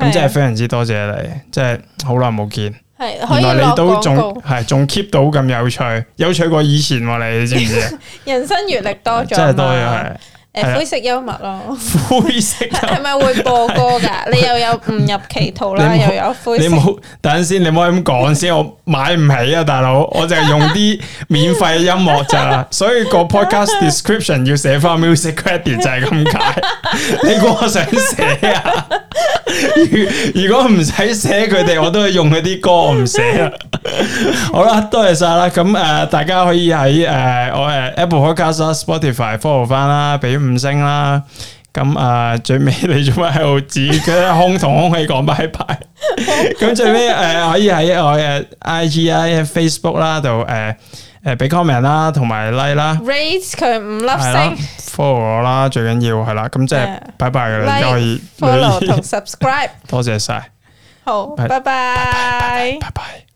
咁真係非常之多謝你，真係好耐冇見。係，原來你都仲係仲 keep 到咁有趣，有趣過以前喎、啊！你知唔知？ 人生閲歷多咗， 真係多咗係。嗎誒、啊，灰色幽默咯，灰色係咪會播歌噶？ 你又有誤入歧途啦， 有又有灰色。你冇，等陣先，你唔好咁講先， 我買唔起啊，大佬，我就係用啲免費音樂咋，所以個 podcast description 要寫翻 music credit 就係咁解。 你估我想寫啊？ 如果唔使寫佢哋，我都係用佢啲歌唔寫啊。 好啦，多謝晒啦。咁誒，大家可以喺誒我誒 Apple Podcast、uh、Spotify follow 翻啦，俾。五星啦，咁啊最尾你做咩喺度指佢空同空氣講拜拜？咁最尾誒可以喺我嘅 I G I Facebook 啦，就誒誒俾 comment 啦，同埋 like 啦，raise 佢五粒星 follow 我啦，最緊要係啦，咁即係拜拜噶啦，可以 follow 同 subscribe，多謝晒，好，拜拜，拜拜。